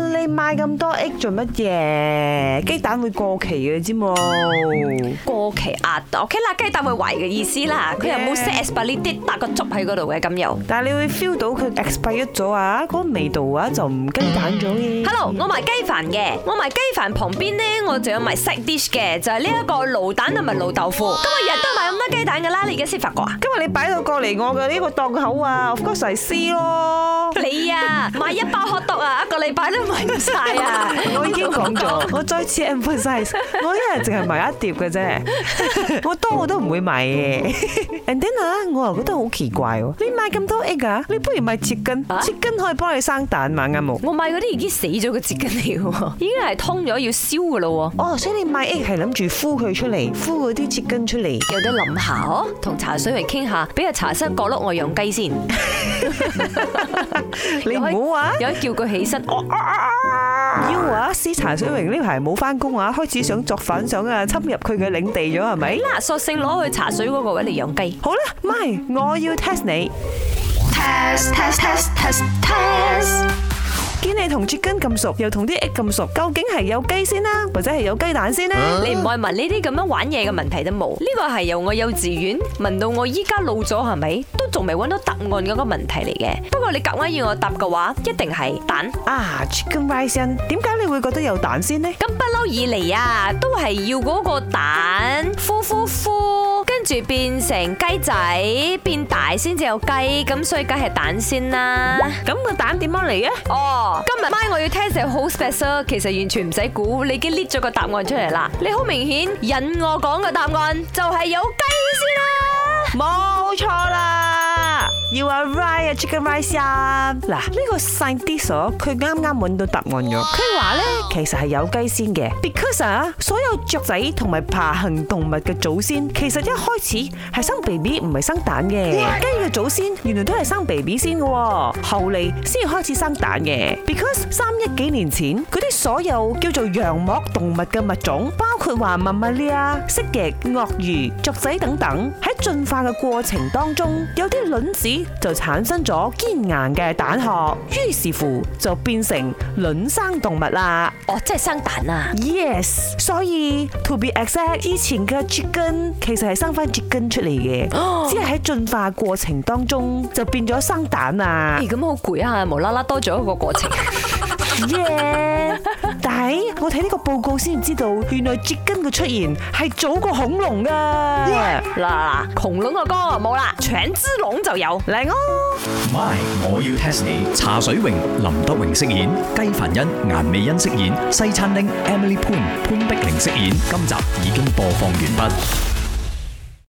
你買咁多 egg 做乜嘢？雞蛋會過期嘅啫，知冇過期壓檔。OK 啦，雞蛋會壞嘅意思啦。佢又冇 set expire 呢啲，搭個竹喺嗰度嘅咁又。但係你會 feel 到佢 expire 咗啊？嗰個味道啊就唔雞蛋咗嘅。Hello，我賣雞飯嘅，我賣雞飯旁邊呢，我仲有賣 set dish 嘅，就係呢一個滷蛋同埋滷豆腐。今日日日都買咁多雞蛋嘅啦，你而家先發覺啊？今日你擺到過嚟我嘅呢個檔口啊，我隨時撕咯。你啊，買一包可多啊，一個禮拜都。買唔晒啊！我已經講咗，我再次 emphasize，我一日淨係買一碟嘅啫，我多我都唔會買嘅。And then 啊，我又覺得好奇怪喎，你買咁多 egg 啊？你不如買切筋，切筋可以幫你生蛋嘛啱冇？我買嗰啲已經死咗嘅切筋嚟嘅，已經係通咗要燒嘅咯。哦，所以你買 egg 係諗住孵佢出嚟，孵嗰啲切筋出嚟。有得諗下哦，同茶水嚟傾下，俾個茶室角落外養雞先。你唔好話，有得叫佢起身。U 啊，思茶水榮呢排冇翻工啊，開始想作反想啊，侵入佢嘅領地咗係咪？嗱，索性攞去茶水嗰個位嚟養雞。好啦，咪，我要 test 你。隻根咁熟，又同啲 egg 咁熟，究竟係有雞先啦，啊，或者係有雞蛋先呢，啊？啊、你唔愛問呢啲咁樣玩嘢嘅問題都冇，呢個係由我幼稚園問到我依家老咗，係咪都仲未揾到答案嗰個問題嚟嘅？不過你夾硬要我答嘅話，一定係蛋啊，chicken rice 啊，點解你會覺得有蛋先呢？咁不嬲以嚟啊，都係要嗰個蛋，呼呼呼呼。變成雞仔，變大先至有雞，咁所以梗係蛋先啦。咁個蛋點樣嚟嘅？哦，今日咪我要聽只好 special，其實完全唔使估，你已經列咗個答案出嚟啦。你好明顯引我講嘅答案，就係有雞先啦，冇錯啦。You are right 啊，chicken rice 呀！嗱，呢個 scientist 佢啱啱揾到答案咗。佢話咧，其實係有雞先嘅，because 啊，所有雀仔同埋爬行動物嘅祖先其實一開始係生 B B 唔係生蛋嘅。雞嘅祖先原來都係生 B B 先嘅，後嚟先開始生蛋嘅。Because 三億幾年前，佢哋所有叫做羊膜動物嘅物種，包括話 mammalia 啊、蜥蜴、鱷魚、雀仔等等，喺進化嘅過程當中，有啲卵子，就產生咗堅硬嘅蛋殼，於是乎就變成卵生動物啦。哦，oh, 即係生蛋啊！Yes，所以 to be exact，以前嘅 chicken 其實係生翻 chicken 出嚟嘅，只係喺進化過程當中就變咗生蛋啊。咦，咁好攰啊，無啦啦多咗一個過程。 耶！但係我睇呢個報告先知道，原來折根嘅出現係早過恐龍噶。嗱，恐龍個歌冇啦，長肢龍就有嚟哦。My，我要 test 你。茶水榮、林德榮飾演，雞凡欣、顏美恩飾演，西餐廳 Emily Poon、潘碧玲飾演。今集已經播放完畢。